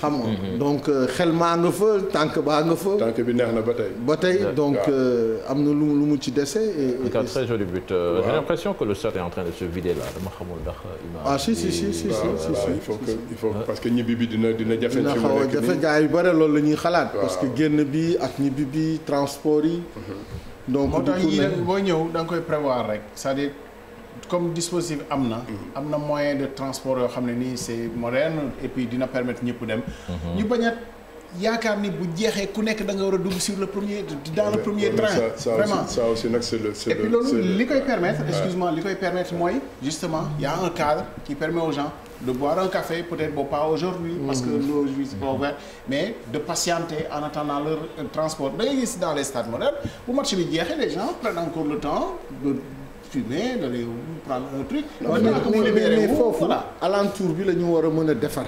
xam nga mhm. donc euh, xel maa nga fa tànk baa nga fa. tànk bi neex na ba tey. ba tey donc euh, am na lu mu lu mu ci dese. et un très joli euh, de se vider là dama xamul ndax. ah si si si si si si il faut que parce que ñibbi bi dina dina jafe. ci mu nekk jafe yu bare loolu la ñuy xalaat. parce que génn bi ak ñibbi bi transport yi. Mhm. donc moo tax yii boo ñëw da nga koy prévoir rek cest comme dispositif am na. Mhm. am na moyen de transport yoo xam ne nii c'est moderne et puis dina permettre ñëpp dem. Mhm. ñu bañ a yaakaar ni bu jeexee ku nekk da nga war a dugg sur le premier dans le premier train. vraiment ça aussi nag c'est le li koy permettre excuse-moi li koy permettre mooy. justement y a un cadre qui permet aux gens. de boire un café peut-être bon pas aujourd'hui parce que l'aujourd'hui mhm. c'est pas ouvert mais de patienter en attendant leur euh, transport da gis dans les stades modernes bu match le temps fumer d'aller prendre mais mais foofu alentour bi la ñu war a mën a defar.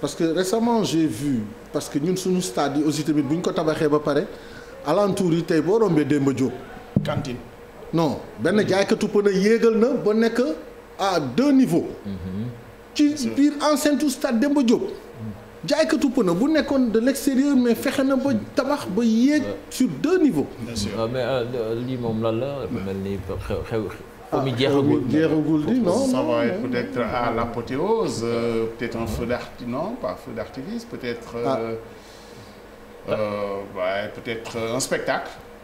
parce que récemment j'ai vu parce que ñun suñu stade yi aussi tamit bu ñu ko tabaxee ba pare alentour yi tey boo rombee Demba Diop. cantine. non benn jaaykatu pën a yéegal na ba nekk à deux niveaux. Mhm. ci biir enceinte stade Demba Diop. jaaykatu pënë bu nekkoon de l'extérieur mais fexe na ba tabax ba yéeg sur deux niveaux. bien sûr waaw ah, mais ah, lii moom lan la mel ni xew xew. ah jeexagul jeexagul di non ça va être peut-être à l'apothéose euh, peut-être un feu d'arti non pas feu d'artifice peut-être. Euh, ah euh, bah, peut-être euh, un spectacle.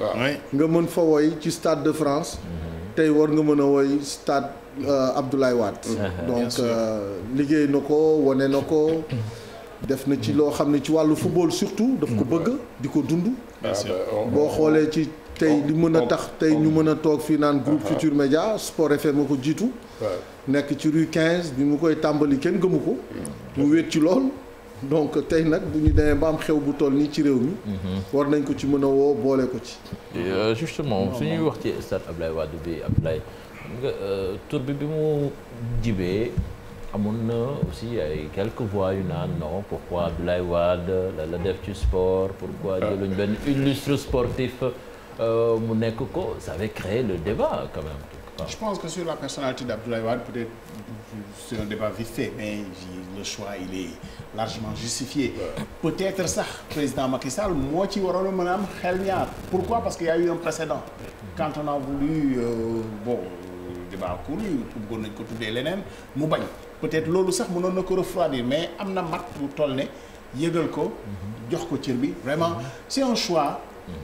waaw nga mën fa woy ci stade de France. Mhm. tey war nga mën a woy stade euh, Abdoulaye Wade. Mhm. donc euh, liggéey na ko wane na ko. Mhm. def na ci loo xam ne ci wàllu football surtout. daf ko bëgg di ko dund. Ah, boo xoolee ci tey li mën a tax tey ñu mën a toog fii naan groupe Futur Média Sport FM ko jiitu. nekk ci rue quinze bi mu koy tàmbali kenn gëmu ko. Mm. mu wéet ci lool. donc tey nag bu ñu demee ba am xew bu toll nii ci réew mi. Mhm. war nañ ko ci mën a woo boole ko ci. Euh, justement su ñuy wax ci stade Ablaye Wade bi Ablaye nga euh, tur bi bi mu jibee amoon na aussi ay quelques voix yu naan non pourquoi Abdoulaye Wade la la def ci sport pourquoi ah. jëluñ benn illustre sportif euh, mu nekk ko ça avait créé le débat quand je pense que sur la personnalité d'Abdoulaye Wade peut-être c'est un débat vite fait mais le choix il est largement justifié peut-être sax président Macky Sall moo ci waroon a mën a am xel ñaar pourquoi parce que y a eu un précédent quand on a voulu euh, bon débat couru nañ ko tuddee leneen mu bañ peut-être loolu sax mënoon na ko refroidir mais am na mat bu toll ne yëgal ko jox ko cër bi vraiment c'est un choix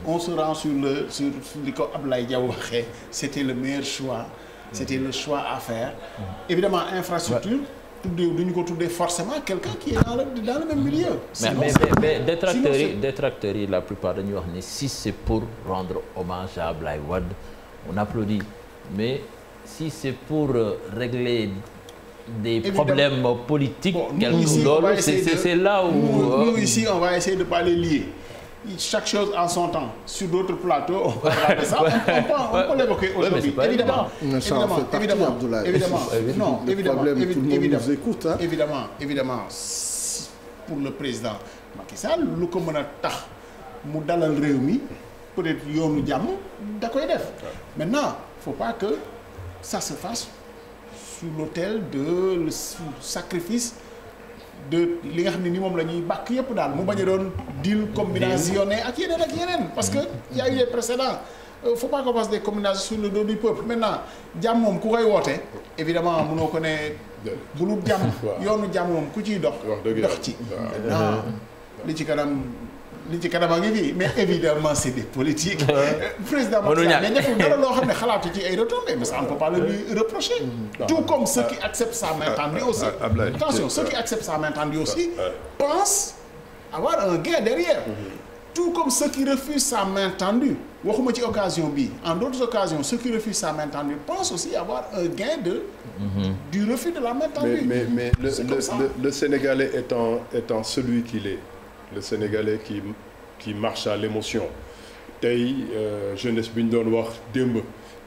on se rend sur le sur li ko Ablaye Diaw waxee c'était le meilleur choix c'était le choix à faire évidemment infrastructure tuddee duñu ko tuddee forcément quelqu'un qui est dans le même milieu. mais yi la plupart dañuy wax ni si c'est pour rendre hommage à Ablaye on applaudit mais si c'est pour euh, régler des Évidemment. problèmes politiques. bon nous ici on va essayer de loolu c'est chaque chose en son temps sur d'autres plateaux on parlera de l'évoquer aujourd'hui évidemment non évidemment évidemment évidemment évidemment pour le président Macky Sall lu ko mën a tax mu dalal réew mi peut-être yoonu jàmm da koy def maintenant faut pas que ça se fasse sous l'autel de sacrifice de li nga xam ne ni moom la ñuy bàkk yépp daal mu bañ a doon deal combinationné ak yeneen ak yeneen parce que y a eu des précédents il euh, faut pas qu'on fasse des combinaisons sur le dos du jàmm moom ku koy woote évidemment mënoo ko ne bu lu jàmm yoonu jàmm moom ku ciy dox dox ci li ci kanam li ci kanam a ngi fii mais évidemment c'est des politiques. président Macky Sall mais nekkul loo xam ne xalaatu ci ay retombées mais ça on ne peut pas lui reprocher. Mm-hmm. tout comme ceux qui euh, acceptent sa euh, main euh, aussi. attention ceux qui acceptent sa main aussi pensent avoir un gain derrière. Mm-hmm. tout comme ceux qui refusent sa main waxuma ci occasion bi en d'autres occasions ceux qui refusent sa main tendue aussi avoir un gain de mm-hmm. du refus de la main mais le, le, le, le Sénégalais étant celui qu'il le sénégalais qui qui marche à l'émotion tey euh, jeunesse bi ñu doon wax démb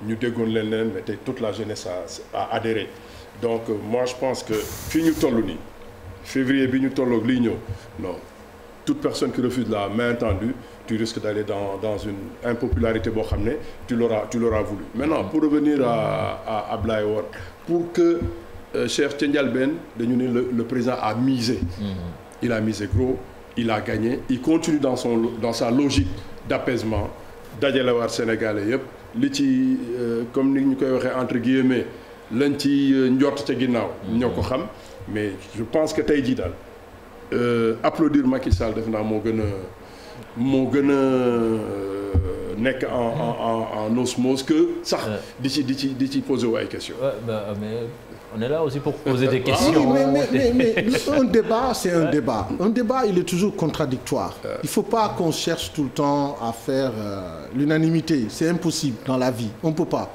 ñu déggoon leen leen mais tey toute la jeunesse a adhéré donc euh, moi je pense que fii ñu toll nii février bi ñu tolloog liy ñëw non toute personne qui refuse la main tendue tu risques d'aller dans dans une impopularité boo xam ne tu l'auras tu l'auras voulu maintenant pour revenir à à Ablaye Wade pour que euh, Cheikh ca njëlbeen dañu ne le président a misé mm-hmm. il a misé gros il a gagné il continue dans son dans sa logique d'apaisement dajalewaat waat sénégalais yëpp li ci euh, comme ni ñu koy waxee entre guillemets lañ ci euh, njort ca ginnaaw ñoo ko xam mais je pense que tey jii daal euh, applaudir Macky Sall def naa moo gën a moo gën a nekk en en en en mos que sax di ci di ci di ci poser wu ay questions. On est là aussi pour poser des ah questions. Oui, mais, mais, mais, mais un débat, c'est un débat. Un débat, il est toujours contradictoire. Euh. Il ne faut pas qu'on cherche tout le temps à faire euh, l'unanimité. C'est impossible dans la vie. On ne peut pas.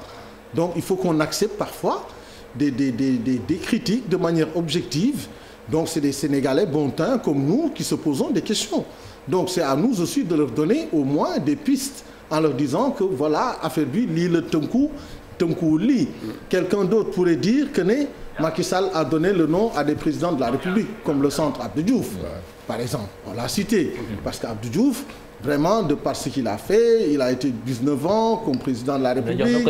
Donc, il faut qu'on accepte parfois des, des, des, des, critiques de manière objective. Donc, c'est des Sénégalais bon teint comme nous qui se posons des questions. Donc, c'est à nous aussi de leur donner au moins des pistes en leur disant que voilà, affaibli, l'île Tonkou, tënkuwul lii quelqu'un d'autre pourrait dire que ne Macky Sall a donné le nom à des présidents de la République comme le centre Abdou par exemple on l'a cité parce que Abdou Diouf vraiment de par ce qu'il a fait il a été 19 ans comme président de la République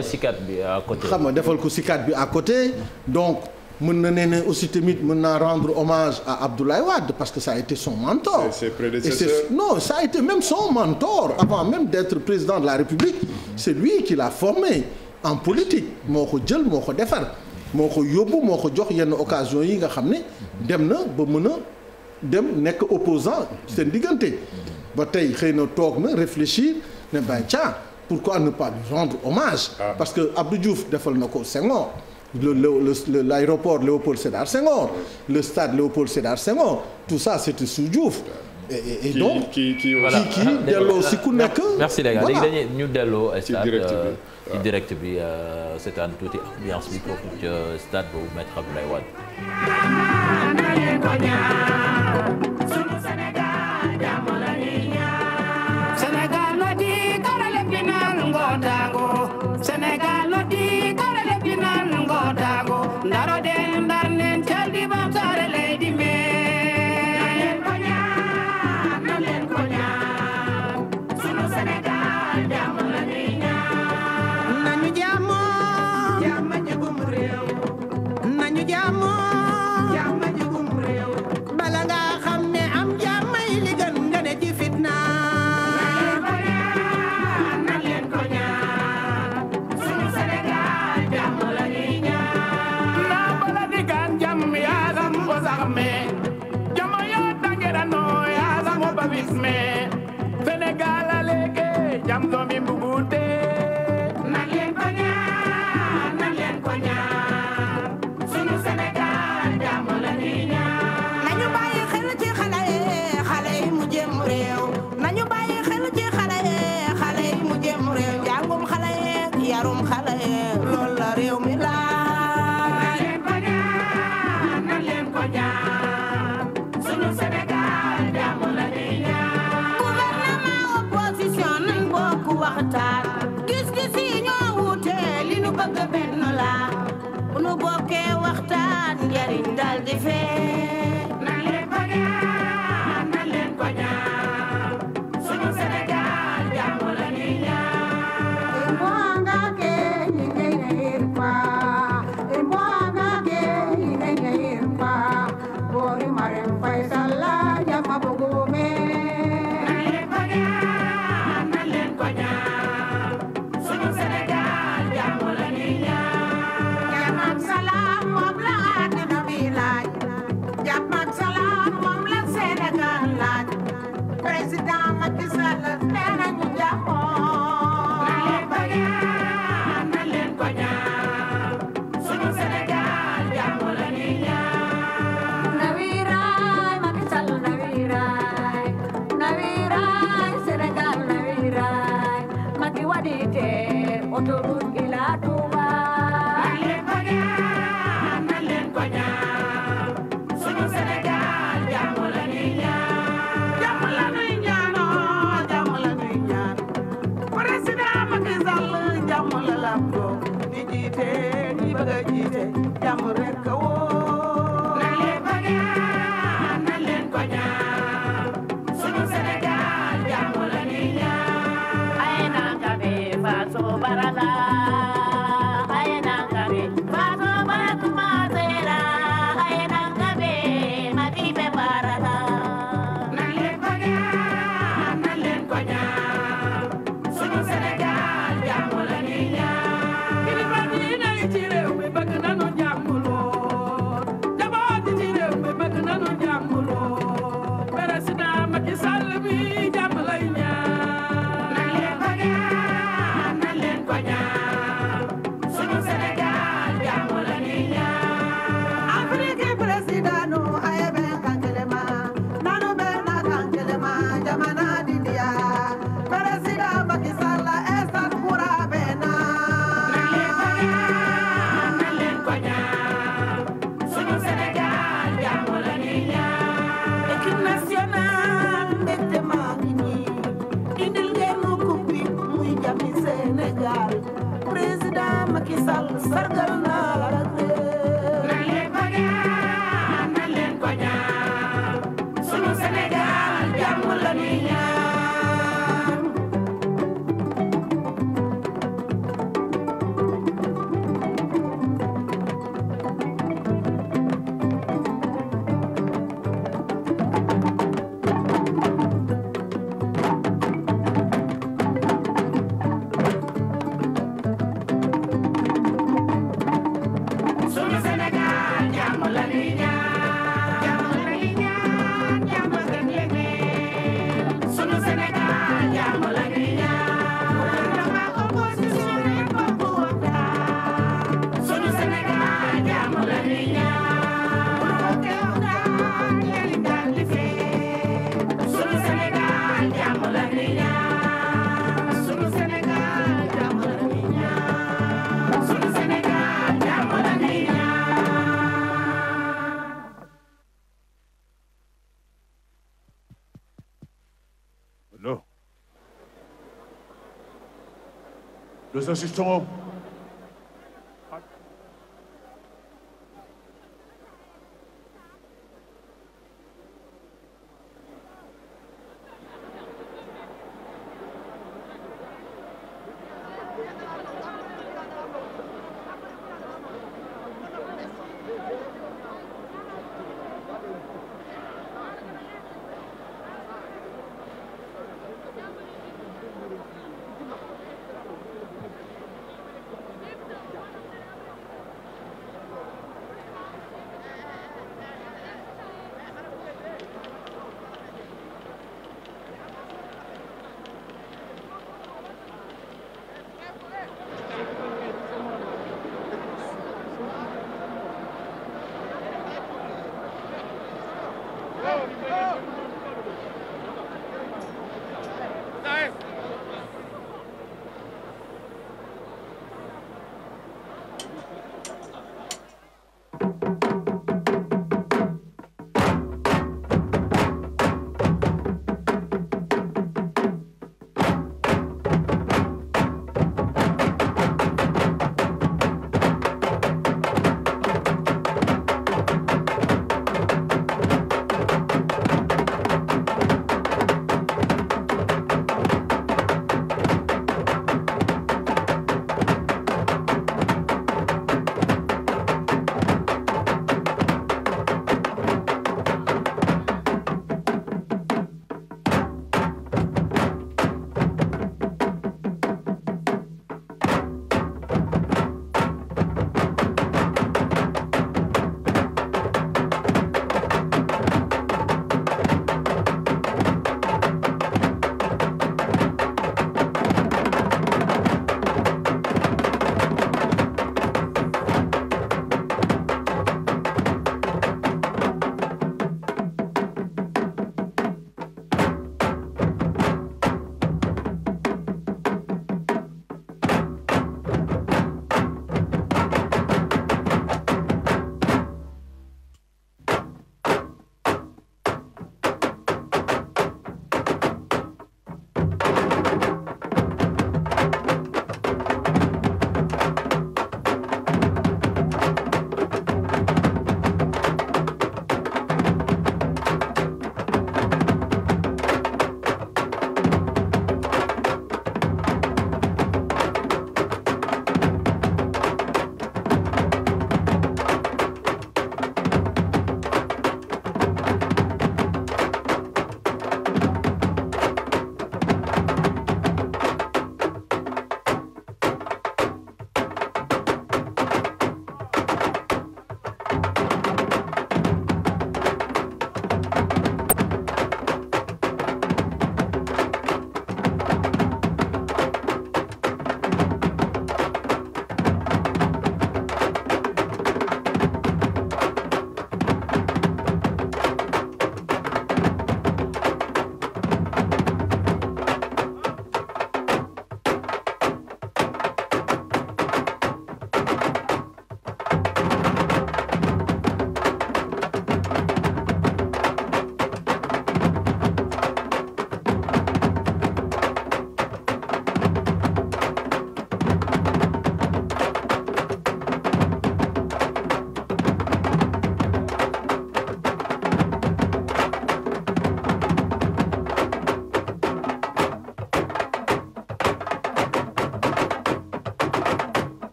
xam nga defal ko sikkat bi à côté donc mën na ne ne aussi tamit mën naa rendre hommage à parce que ça a été son mentor ses non ça a été même son mentor avant même d'être président de la République c'est lui qui l'a formé en politique moo ko jël moo ko defar moo ko yóbbu moo ko jox yenn occasion yi nga xam ne dem na ba mën a dem nekk opposant seen diggante ba tey xëy na toog na réfléchir ne ca tiens pourquoi ne pas rendre hommage ah. parce que Abdou Diouf defal na ko Senghor le le le l'aéroport Léopold Sédar Senghor le stade Léopold Sédar Senghor tout ça c'était su Diouf et donc kii kii delloo si ku nekk merci les gars ñu delloo stade ci euh, direct bi seetaan tuuti ambiance bi foofu ca stade boobu Maître Abdoulaye Wade. Sénégal vem. assistons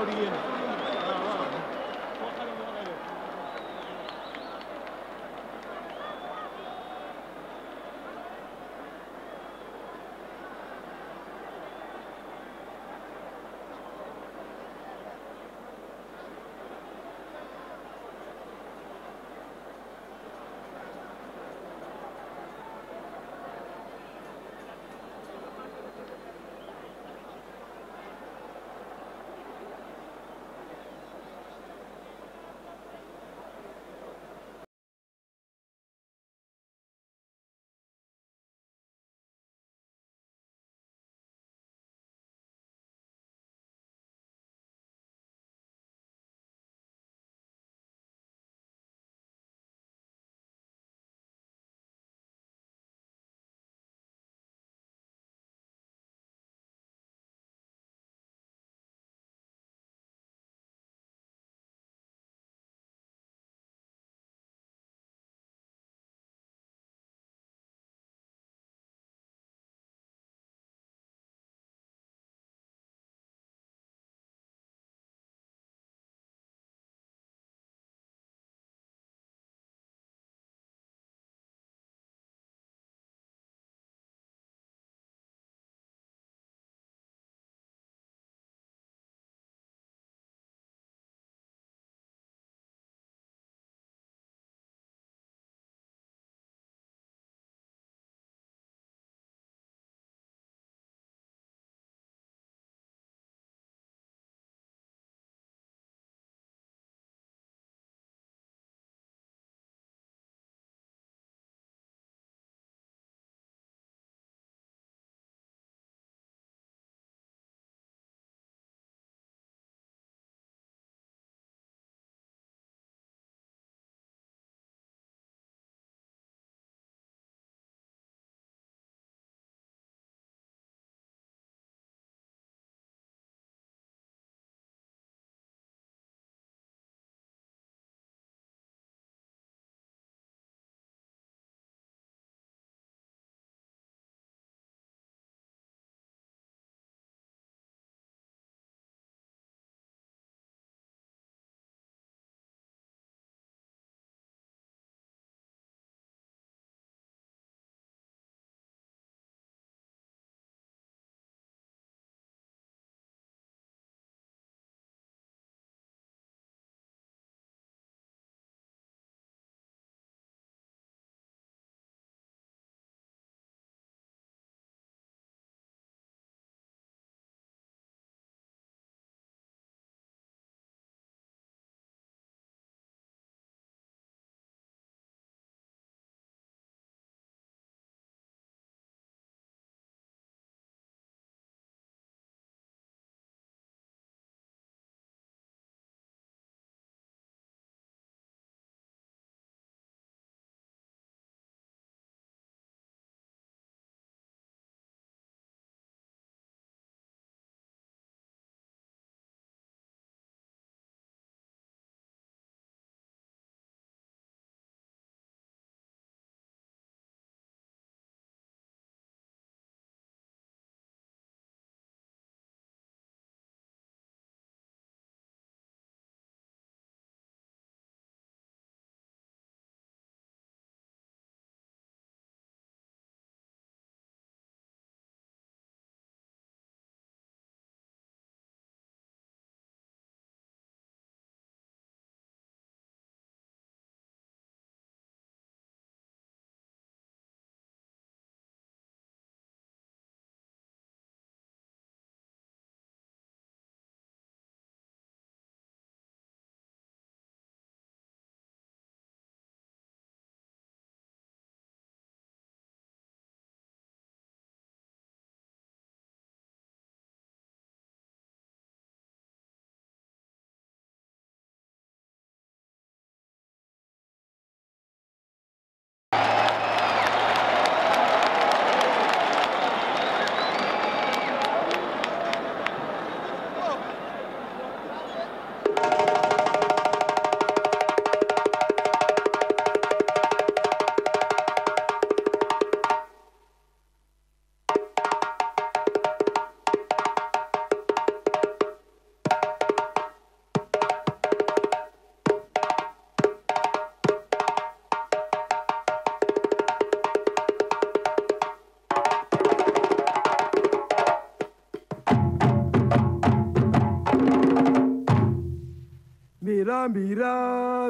Cody in.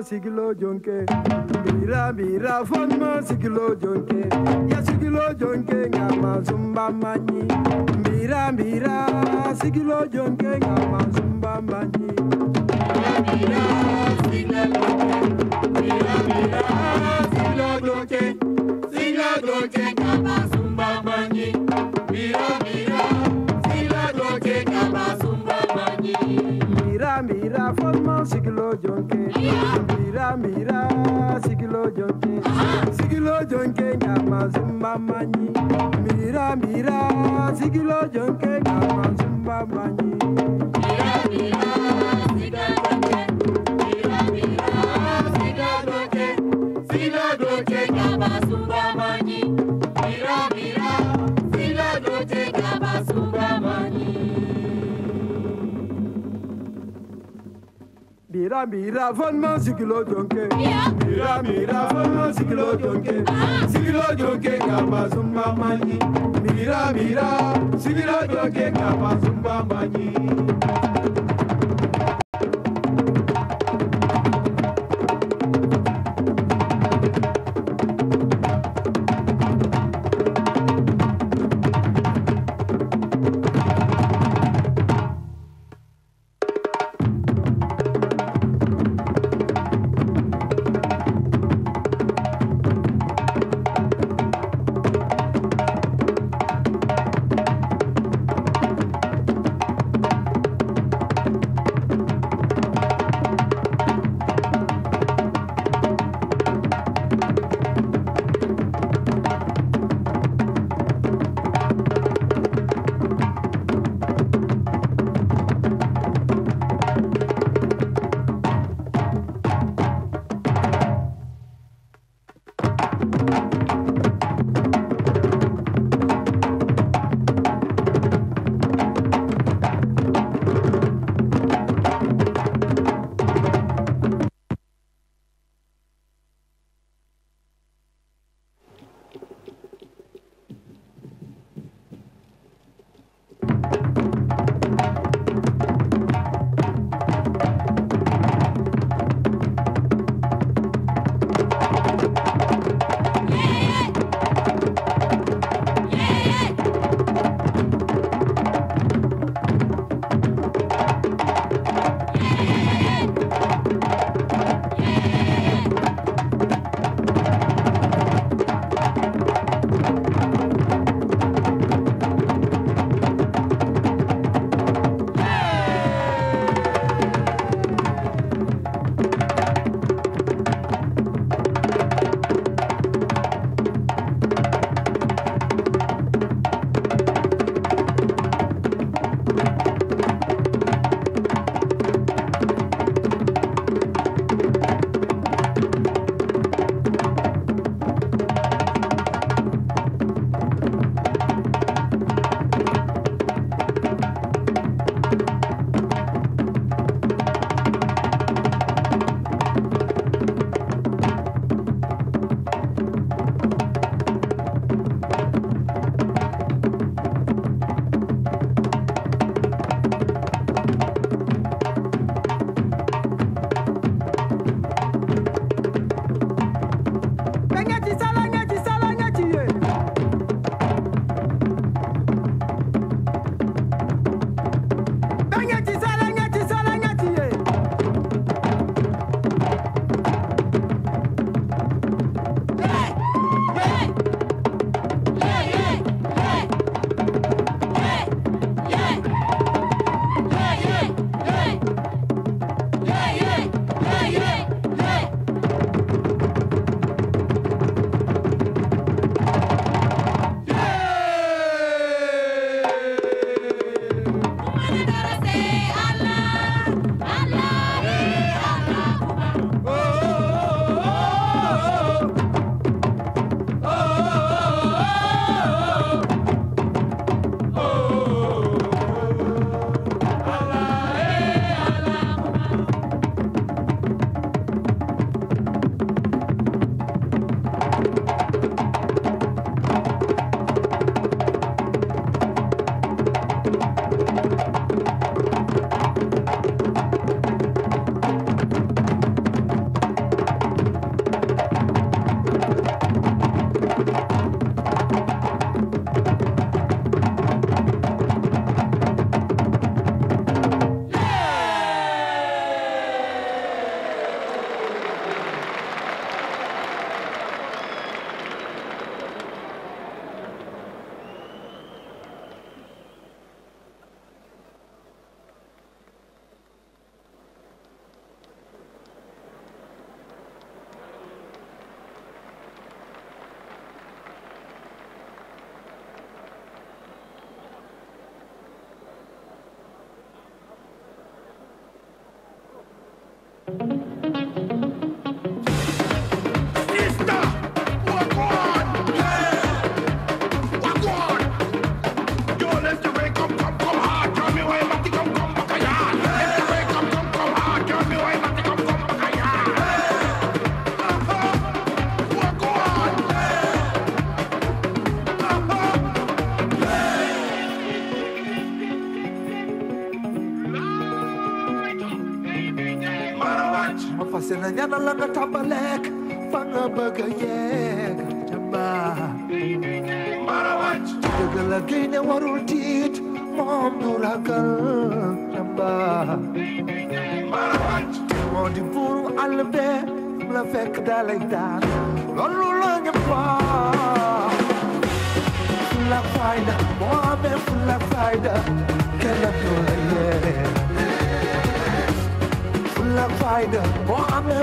fonma sigilo jonke mira mira fonma sigilo jonke ya sigilo jonke ngama zumba manyi mira mira sigilo jonke ngama zumba manyi mira sigilo mira mira sigilo jonke sigilo jonke ngama zumba manyi mira mira sigilo jonke ngama zumba manyi mira mira fonma sigilo jonke sigilo jonke nyama zumba manyi mira mira sigilo jonke nyama zumba manyi mira mira sigilo jonke mira mira sigilo jonke sigilo jonke nyama zumba manyi mira mira sigilo jonke nyama zumba manyi mira mira von man sigilo jonke yeah. mira mira oh sikilo joke sikilo joke kama zumba manyi mira mira sikilo joke kama zumba manyi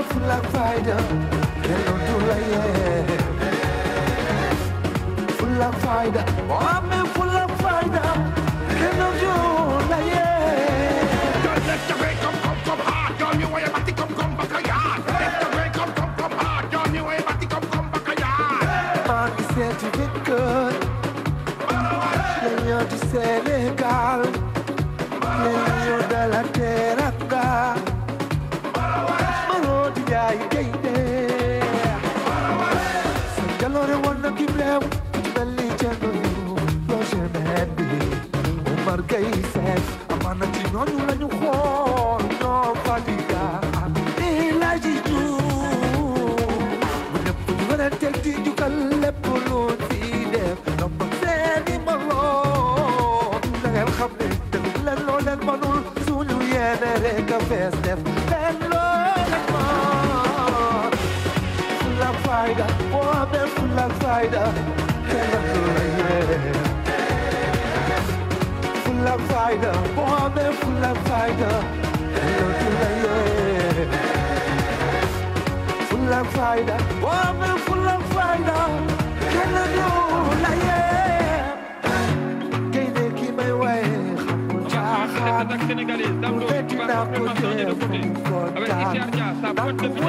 fulla fayda delloo du la yee fulla fayda boo amee fulla fayda delloo du la yee doon def jafe kom kom kom haa doon ñu woye batti kom kom baka yaa def jafe kom kom kom haa doon ñu woye batti kom kom baka yaa maa ngi seeti jëkkër la ñoo di seet réew mel ni jàng loo jeunesse bi Omar Gueye Seck amaana ci ñooñu la ñu xool ñoo Fadiga El Hadji Diouf bu ñëpp ñu werante di jugal lépp lu ci def ndomba seeni moroom da ngeen xam ne dëgg leen loo leen mënul suñu yéene rek a fees def leen loo leen mën la Fadiga faida Kenda Kulaye Fula faida Bohame Fula faida Kenda Kulaye Fula faida Bohame Fula faida Kenda Kulaye Kende Kimewe Attaque sénégalaise, Damlo, qui va frapper maintenant de côté. Avec Isher Dia, sa pointe de vitesse.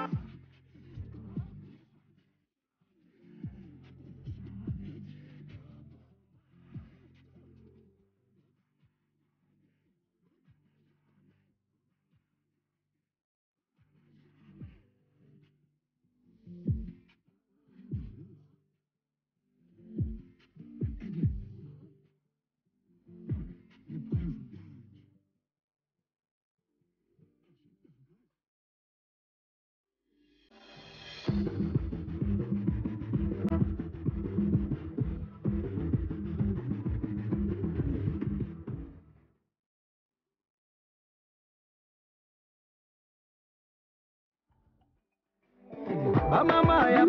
you Hallelujah.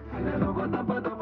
Hallelujah,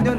ñaño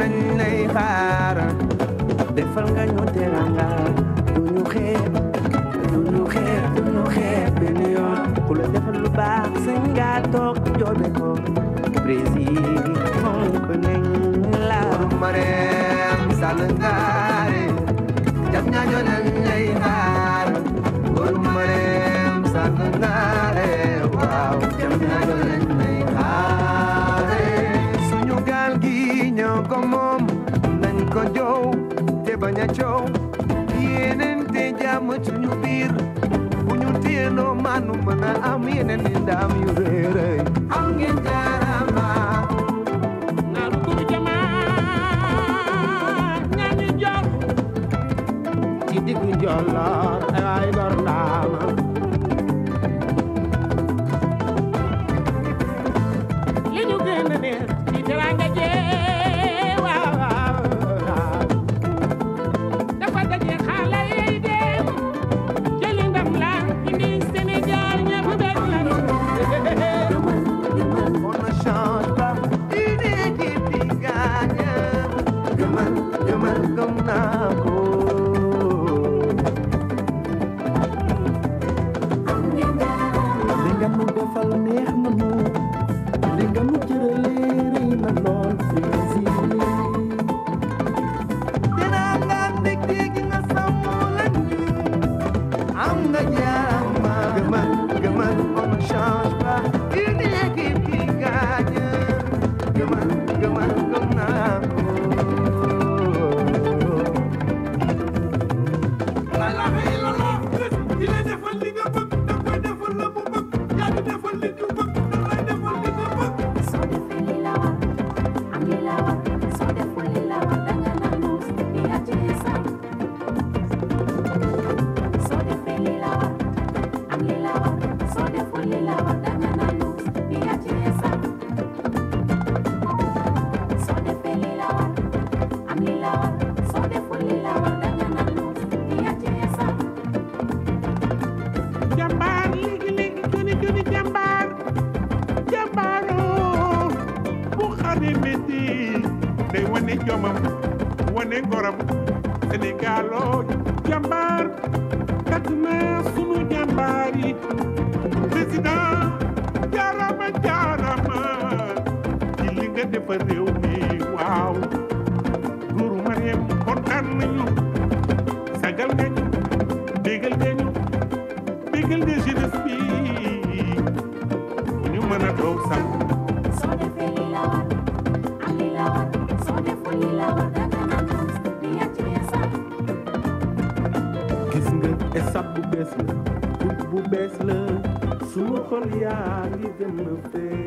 mi yeneen di ndam yu la xol yaa ngi gën fee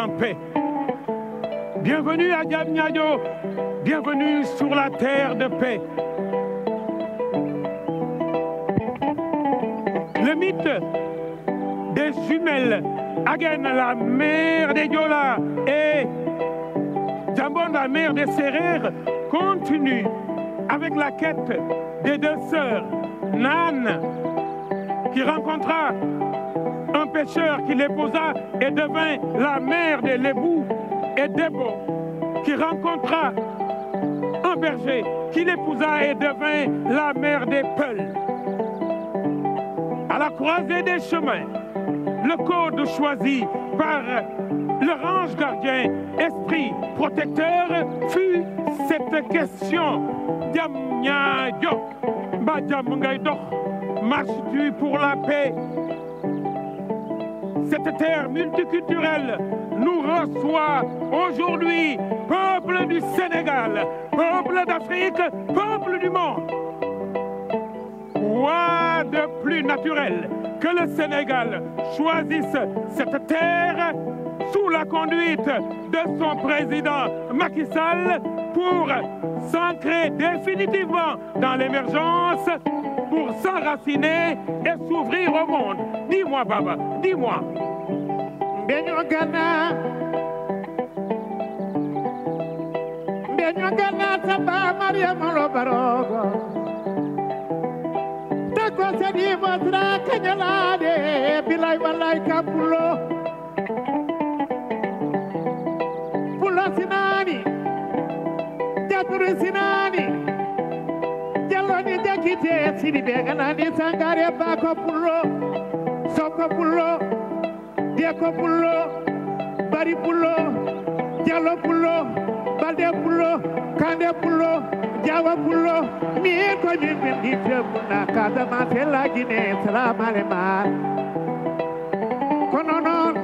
en a Bienvenue à bienvenue sur la terre de paix. Le mythe des jumelles, Agen, la mère des Diola et Djambon, la mère des Serères, continue avec la quête des deux sœurs, Nan, qui rencontra un pêcheur qui l'épousa et devint Lébou et Débo, qui rencontra un berger qui l'épousa et devint la mère des Peuls. À la croisée des chemins, le code choisi par le range gardien, esprit protecteur, fut cette question. Diam ñaa marches-tu pour la paix? Cette terre multiculturelle Reçois aujourd'hui, peuple du Sénégal, peuple d'Afrique, peuple du monde. Quoi de plus naturel que le Sénégal choisisse cette terre sous la conduite de son président Macky pour s'ancrer définitivement dans l'émergence, pour s'enraciner et s'ouvrir au monde. Dis-moi, Baba, dis-moi. ñu gàllaa samba Mariama lo barogo takko sedi basra kañalaade bilay wallay kampulo pulo sinaani jaturi sinaani jalloni jakite sidi be ganani sangare bako pulo soko pulo deko pulo bari pulo Diallo Pullo Balde Pullo Kande Pullo Diawa Pullo mi ko mi mi mi tebu na Casamance la Guinée salamalema kono noon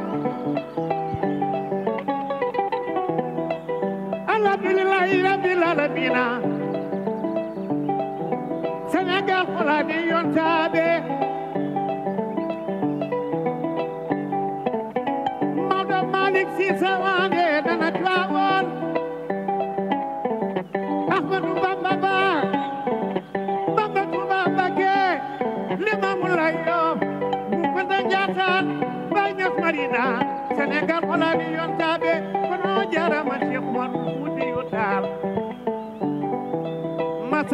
alhamdulillahi rabbil alamina Sénégal holaani yontaade Maodo Malick Sy Sawaan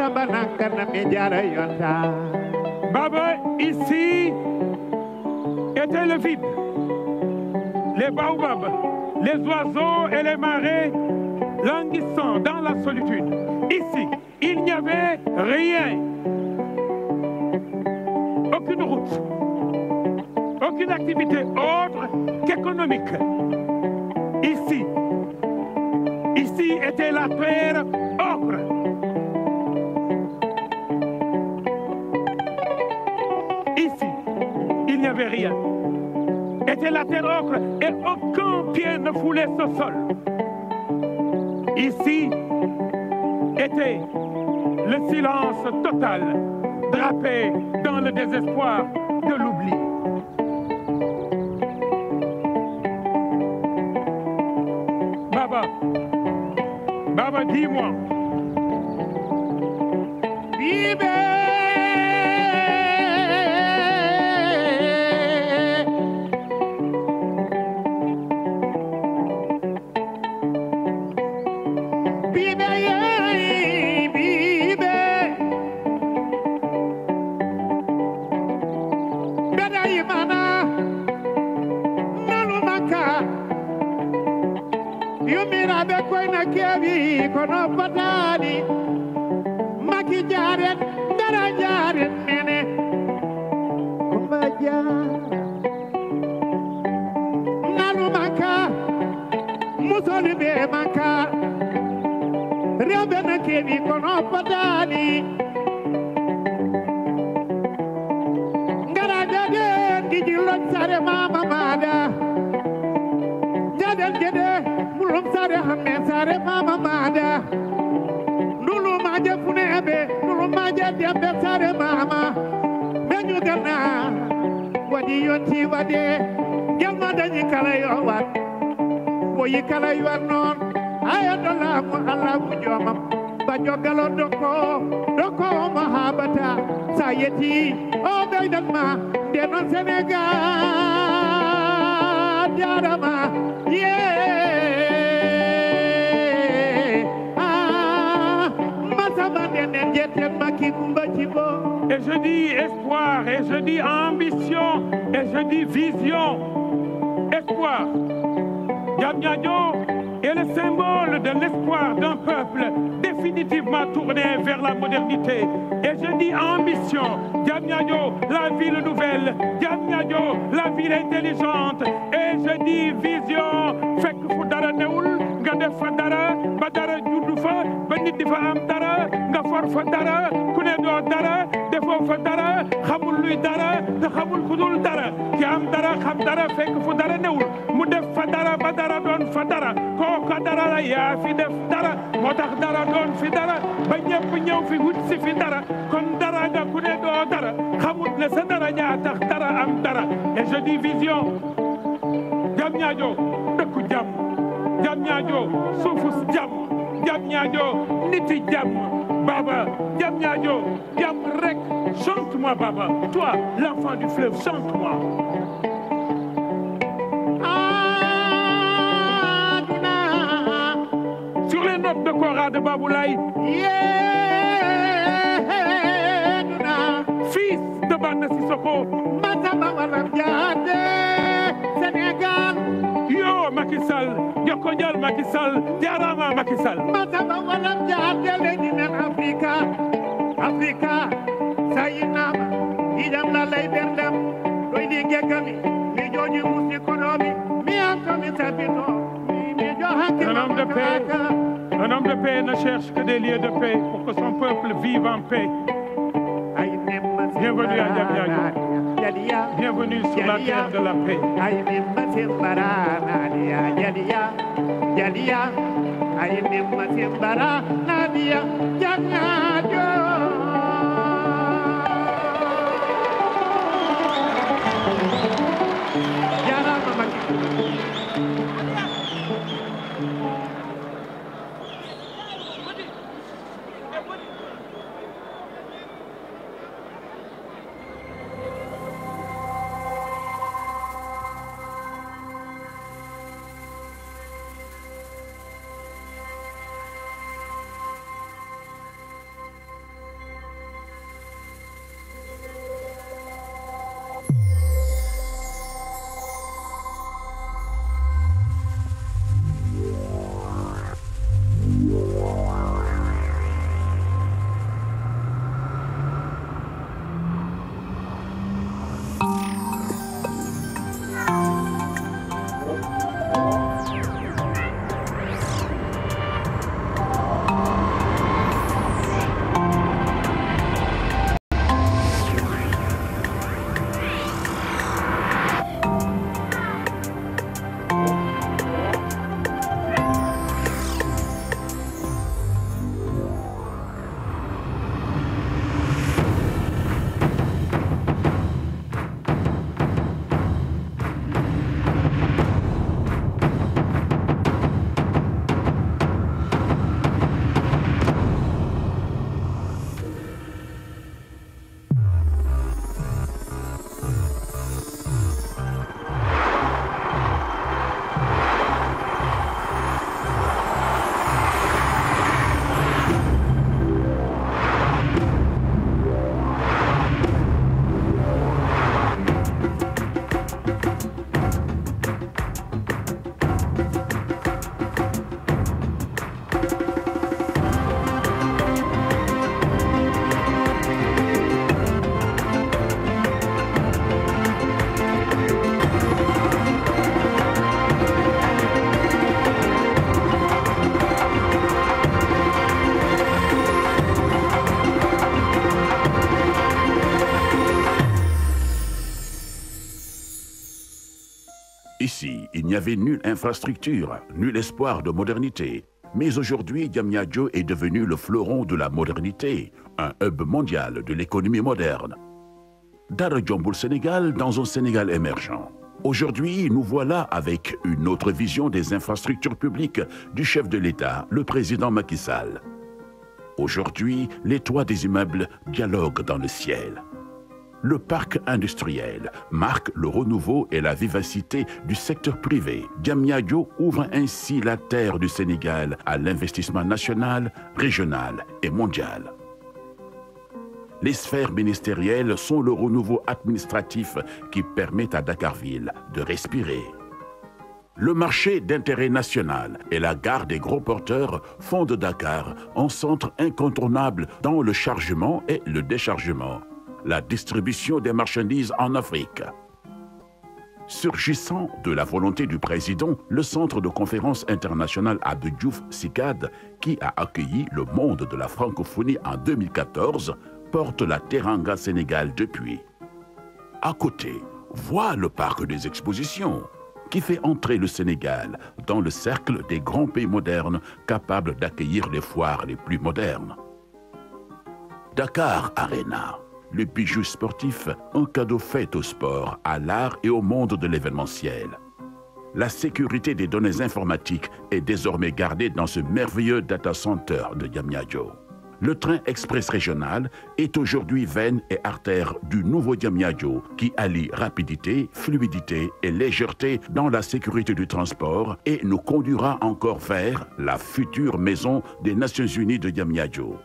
samba nang kanam ya jaara Baba ici était le vide les baobabs les oiseaux et les marais languissant dans la solitude jarama ye ah, masaba denen jeten maki kumba cibo et je dis espoir et je dis ambition et je dis vision espoir Diamniadio est le symbole de l'espoir d'un peuple définitivement tourner vers la modernité. Et je dis ambition, Diamniadio, la ville nouvelle, Diamniadio, la ville intelligente. Et je dis vision, fekk fu dara newul nga def fa dara ba fa ba nit di fa am dara nga for fa dara ku ne doo dara defoo fa dara xamul luy dara te xamul ku dara ki am dara xam dara fekk fu dara newul mu def fa dara ba dara doon fa dara kooka dara yaa fi def dara moo tax dara doon fi dara ba ñëpp fi wut si fi dara kon dara nga ku ne doo dara xamut ne sa dara ñaa tax dara am dara et je dis vision jam ñaajo dëkku jam jam ñaajo suufus jam jam ñaajo niti jam baba jam ñaajo jam rek chante-moi baba toi l'enfant du fleuve chante-moi de Kora de Baboulaye. Yéena. Fils de Banda Sissoko. Mazaba Walam Diate. Sénégal. Yo Macky Sall. jokkonjal Macky Sall jarama Macky Sall masaba walam jaarde leydi men africa africa sa yinnama yiƴam lallay ɓerdem ɗoyɗi geggami mijoji musdi koɗomi mi antomi sabito mijo hakkimaaka Un homme de paix ne cherche que des lieux de paix pour que son peuple vive en paix. Bienvenue à Diamniadio. Bienvenue sur la terre de la paix. Jalia, n'avait nulle infrastructure, nul espoir de modernité. Mais aujourd'hui, Diamniadio est devenu le fleuron de la modernité, un hub mondial de l'économie moderne. Dara Djomboul Sénégal dans un Sénégal émergent. Aujourd'hui, nous voilà avec une autre vision des infrastructures publiques du chef de l'État, le président Macky Aujourd'hui, les toits des immeubles dialoguent dans le ciel. Le parc industriel marque le renouveau et la vivacité du secteur privé. Diamniadio ouvre ainsi la terre du Sénégal à l'investissement national, régional et mondial. Les sphères ministérielles sont le renouveau administratif qui permet à Dakarville de respirer. Le marché d'intérêt national et la gare des gros porteurs font de Dakar un centre incontournable dans le chargement et le déchargement. la distribution des marchandises en Afrique. Surgissant de la volonté du président, le centre de conférence internationale Abdou Diouf SICAD, qui a accueilli le monde de la francophonie en 2014, porte la Teranga Sénégal depuis. À côté, voit le parc des expositions, qui fait entrer le Sénégal dans le cercle des grands pays modernes capables d'accueillir les foires les plus modernes. Dakar le Pichou sportif, un cadeau fait au sport, à l'art et au monde de l'événementiel. La sécurité des données informatiques est désormais gardée dans ce merveilleux data center de Diamniadio. Le train express régional est aujourd'hui veine et artère du nouveau Diamniadio qui allie rapidité, fluidité et légèreté dans la sécurité du transport et nous conduira encore vers la future maison des Nations Unies de Diamniadio.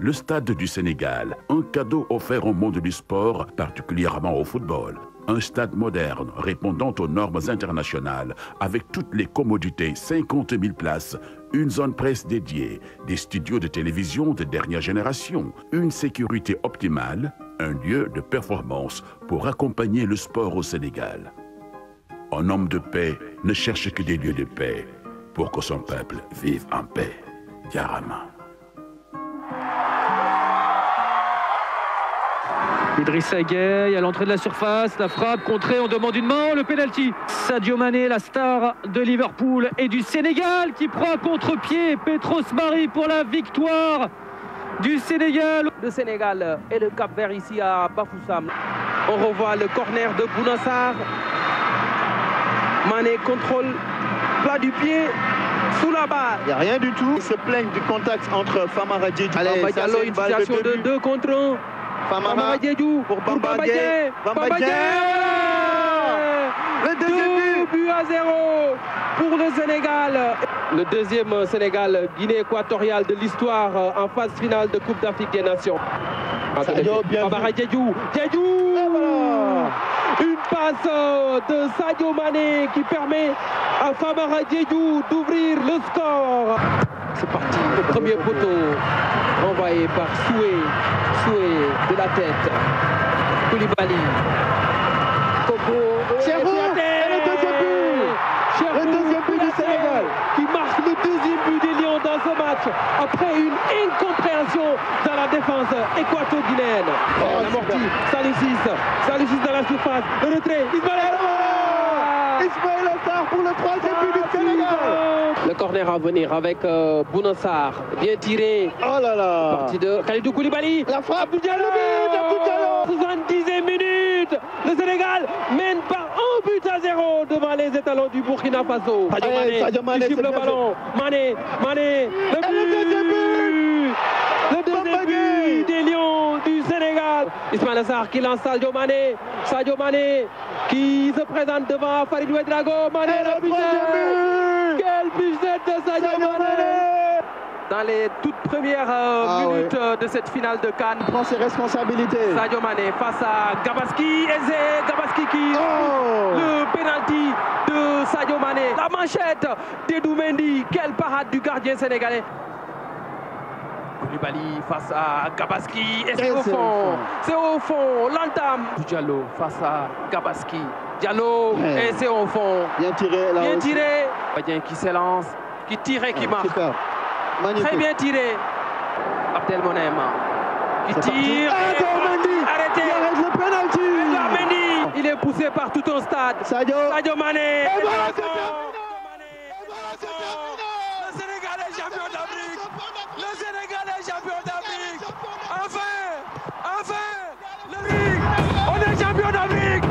le Stade du Sénégal, un cadeau offert au monde du sport, particulièrement au football. Un stade moderne, répondant aux normes internationales, avec toutes les commodités, 50 000 places, une zone presse dédiée, des studios de télévision de dernière génération, une sécurité optimale, un lieu de performance pour accompagner le sport au Sénégal. Un homme de paix ne cherche que des lieux de paix pour que son peuple vive en paix. Diarama. Idrissa Gueye à l'entrée de la surface, la frappe contrée, on demande une main, le penalty. Sadio Mané, la star de Liverpool et du Sénégal qui prend contre-pied Petros Mari pour la victoire du Sénégal. et le Cap Vert ici à Bafoussam. On revoit le corner de Bounassar. Mané contrôle, plat du pied, sous la barre. Il n'y a rien du tout. Ils se plaignent du contact entre Famara et Allez, Allez une, une de 2 contre 1. Famara Diédhiou pour Bamba Dieng pour le Sénégal le deuxième Sénégal Guinée équatoriale de l'histoire en phase finale de Coupe d'Afrique des Nations Famara Diédhiou Diédhiou une passe de Sadio Mané qui permet à Famara Diédhiou d'ouvrir le score c'est parti le premier poteau renvoyé par Soué, Soué de la tête. Koulibaly. Togo. Oh, Cherou Et le deuxième but Sénégal Qui marque le deuxième but des dans ce match après une incompréhension dans la défense équato-guinéenne. amorti. Salut 6. dans la surface. retrait. Ismaël Ismaël pour le troisième but ah, Sénégal Le corner à venir avec euh, Bounassar. Bien tiré. Oh là là. Partie de Khalidou Koulibaly. La frappe. Diallo. Le but de 70e minute. Le Sénégal mène par un but à zéro devant les étalons du Burkina Sénégal. Ismaël Sarr qui lance Sadio Mané. Sadio Mané qui se présente devant Farid Ouedraogo. Mané le but Quelle bichet de Sadio, Sadio Mané. Mané Dans les toutes premières euh, ah, minutes euh, de cette finale de Cannes. Il prend face à Gabaski. Eze Gabaski qui oh le penalty de Sadio Mané. La manchette d'Edoumendi. Quelle parade du gardien sénégalais. Koulibaly face à Gabaski. Et au fond. C'est du Diallo face à Gabaski. Diallo, et au fond. Bien tiré Bien tire et bien tiré. Abdelmonem qui tire. Parti. Ah, et Mendy. Arrêtez. Il le penalty. Il est poussé par tout stade. Sadio, Sadio champion d'Afrique Enfin Enfin la Ligue On est champion d'Afrique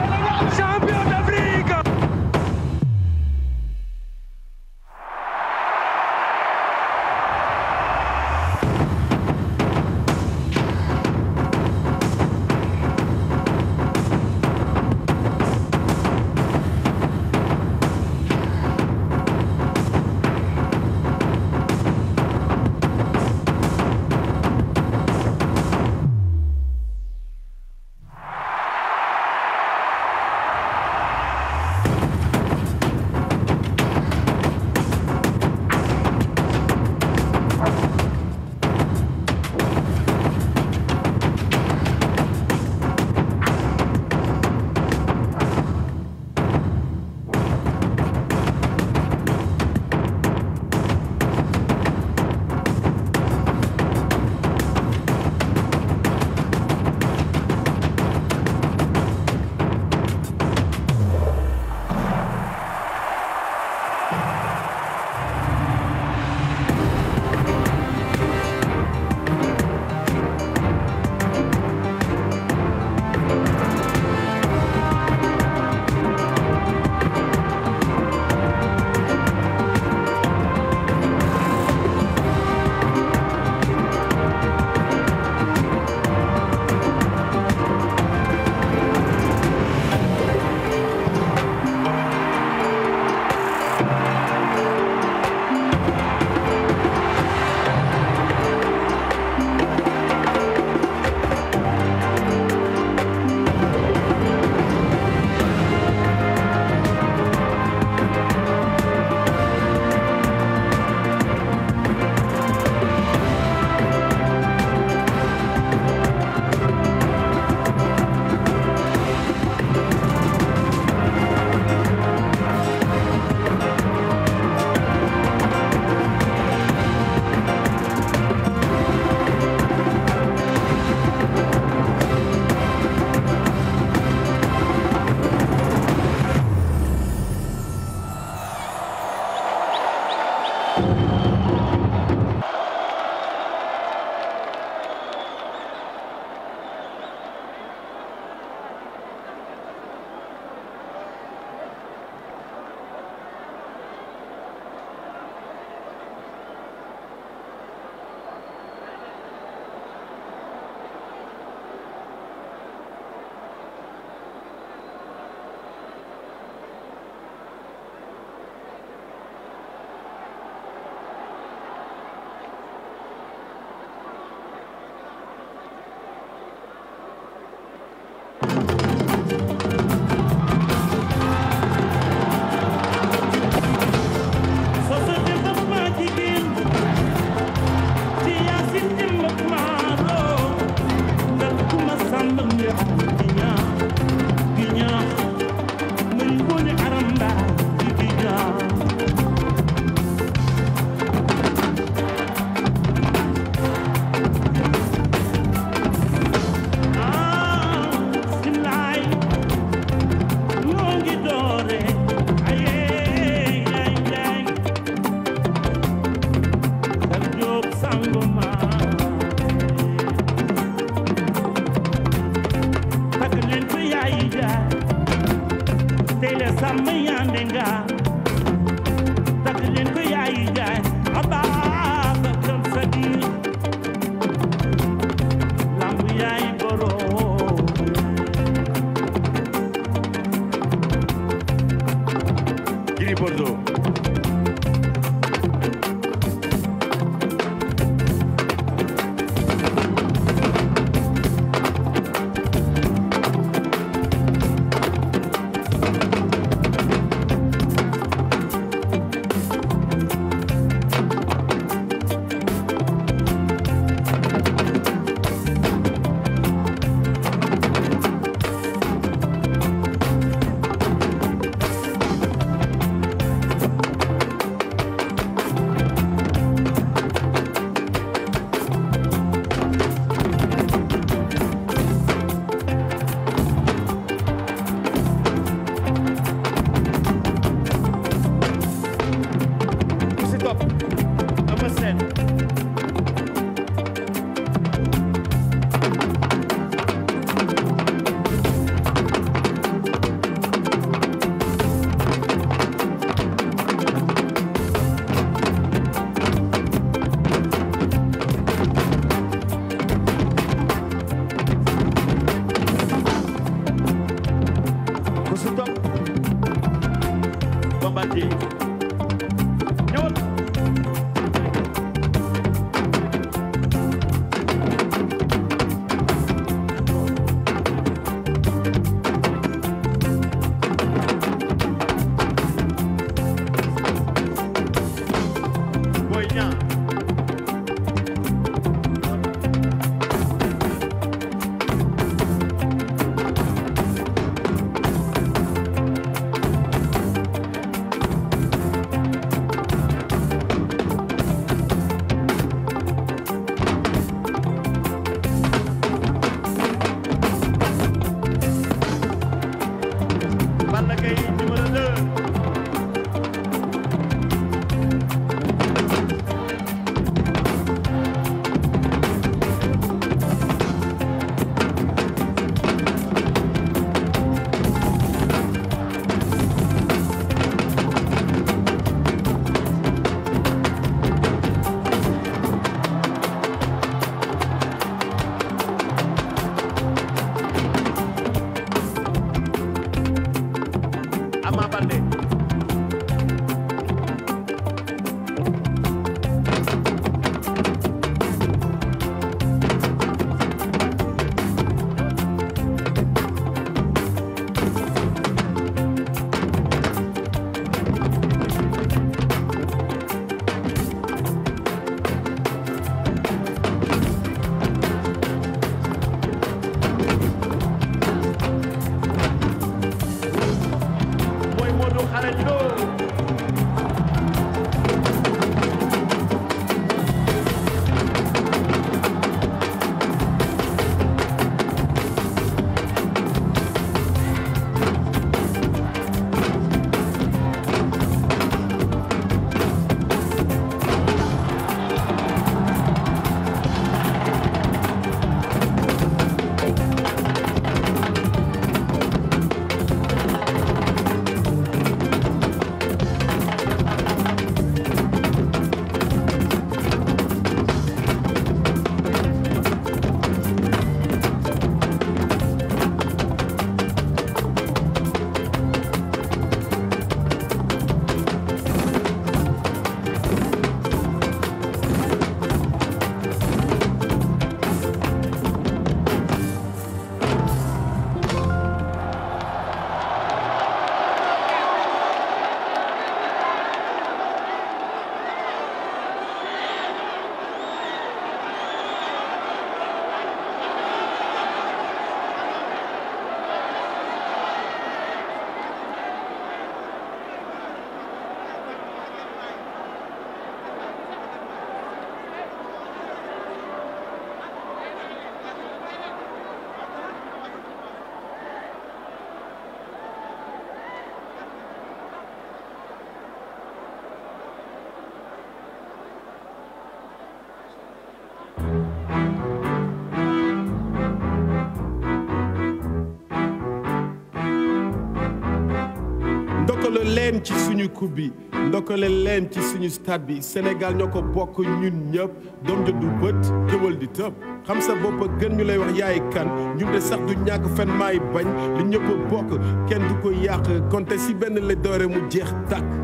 ci suñu coupe bi ndokale leen ci suñu stade bi Sénégal ñoo ko bokk ñun ñëpp doom ja du bët jëwal di tëb xam sa bopp gën ñu lay wax yaay kan ñun de sax du ñàkk fen maay bañ li ñëpp bokk kenn du ko yàq konte si benn la doore mu jeex tàkk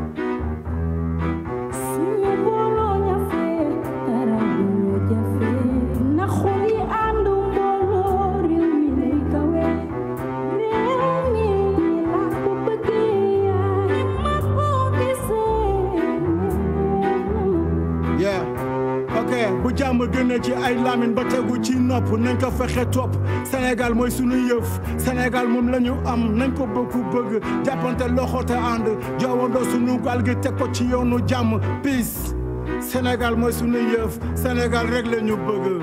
nopp nañ ko fexe topp Sénégal mooy sunu yëf Sénégal moom lañu am nañ ko bëgg bëgg jàppante loxo te ànd joowandoo sunu gaal gi teg ko ci yoonu jàmm peace Sénégal mooy sunu yëf Sénégal rek la ñu bëgg.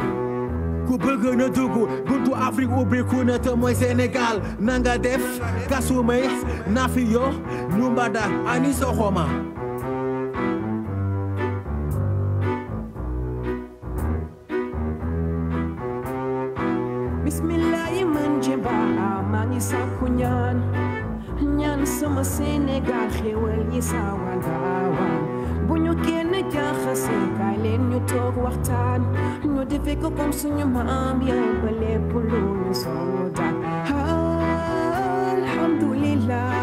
ku bëgg na dugg buntu Afrique ubbiku na te mooy Sénégal nanga def kasumay nafiyo numbada ani soxoma sama Sénégal xéwal yi saawaan baawaan bu ñu kenn jaxase kaay leen ñu toog waxtaan ñu defe ko comme suñu maam yaay ba lépp lu ñu sootaan alhamdulillah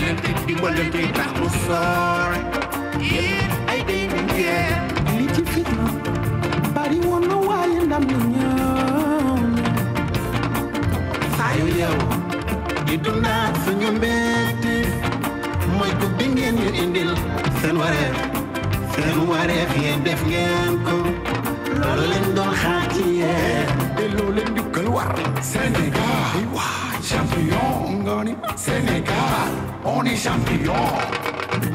dimbalante dimbalante tax mu soore ay day mi ngeen li ci fitna bari woon na waaye ndam na ñëw saa yu yow di dundaat suñu mbetti mooy ko bi ngeen ñu indil seen wareef seen wareef yéen def ngeen ko loolu leen doon xaar ci yéen te loolu leen war Sénégal ay waa Ngoni Sénégal on est champion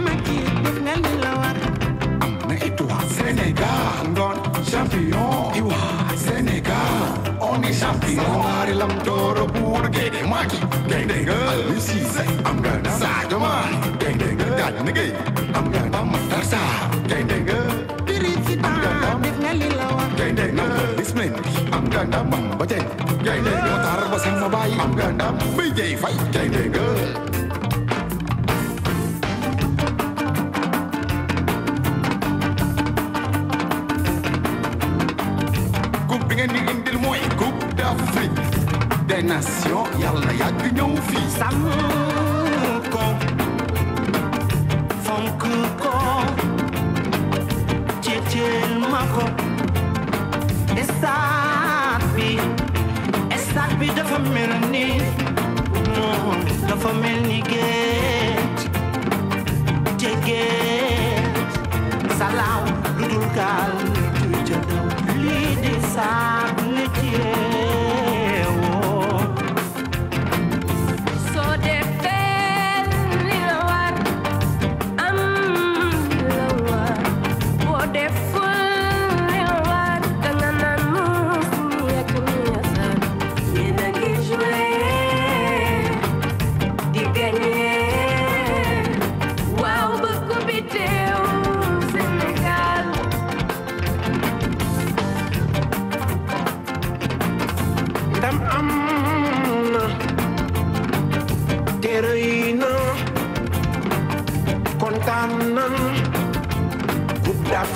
Macky def na li la war am na étoile Sénégal Ngoni champion iwa Sénégal on est champion Samaari lam jooro buur géde Macky gaynde nga Aliou Cissé am nga ndam Sadio Mané gaynde nga Dadi Ndege am nga ndam Matar Sarr gaynde nga président def na li la war gaynde nga Ismaël am nga ndam Bamba Dieng gaynde sa baay am nga ndam béy jëy fay cay dégg coupe bi ngeen di indil mooy coupe d'Afrique des nations yàlla yàgg ñëw fii sam dafa mel ni moom dafa mel ni géej te géej salaaw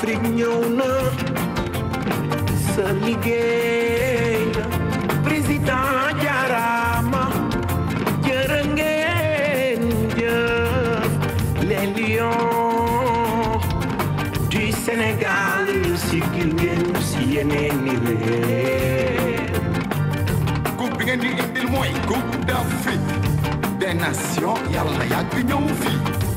Serigne ñëw na sa président jaaraama jërë ngeen jëf les lions Sénégal siggil ngeen si yeneen i réew. di indil mooy coupe d'Afrique des nations yàlla yàgg ñëw fii.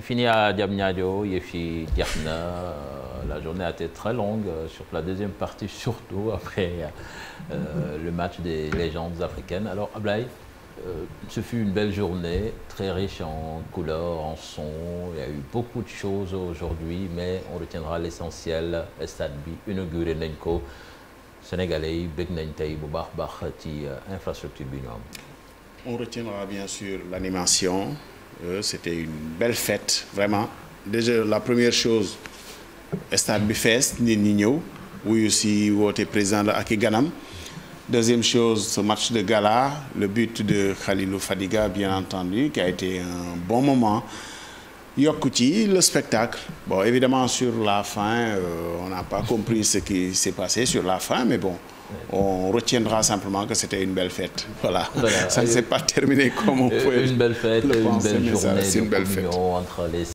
c'est fini à Diamniadio yëf yi jeex na la journée a été très longue euh, sur la deuxième partie surtout après euh, euh, le match des légendes africaines alors Ablaye euh, ce fut une belle journée très riche en couleurs en sons il y a eu beaucoup de choses aujourd'hui mais on retiendra l'essentiel stade bi inauguré nañ ko Sénégalais yi bëgg nañ tey bu baax baax ci euh, infrastructure bi ñu am on retiendra bien sûr l'animation Euh, c'était une belle fête vraiment déjà la première chose stade bi fees nit ñi ñëw wuyu si woote président la ak ganam deuxième chose ce match de gala le but de Khalilou Fadiga bien entendu qui a été un bon moment yokk ci le spectacle bon évidemment sur la fin euh, on n'a pas compris ce qui s'est passé sur la fin mais on retiendra simplement que c'était une belle Voilà, ça ne s'est pas terminé comme on euh, pouvait le penser, une belle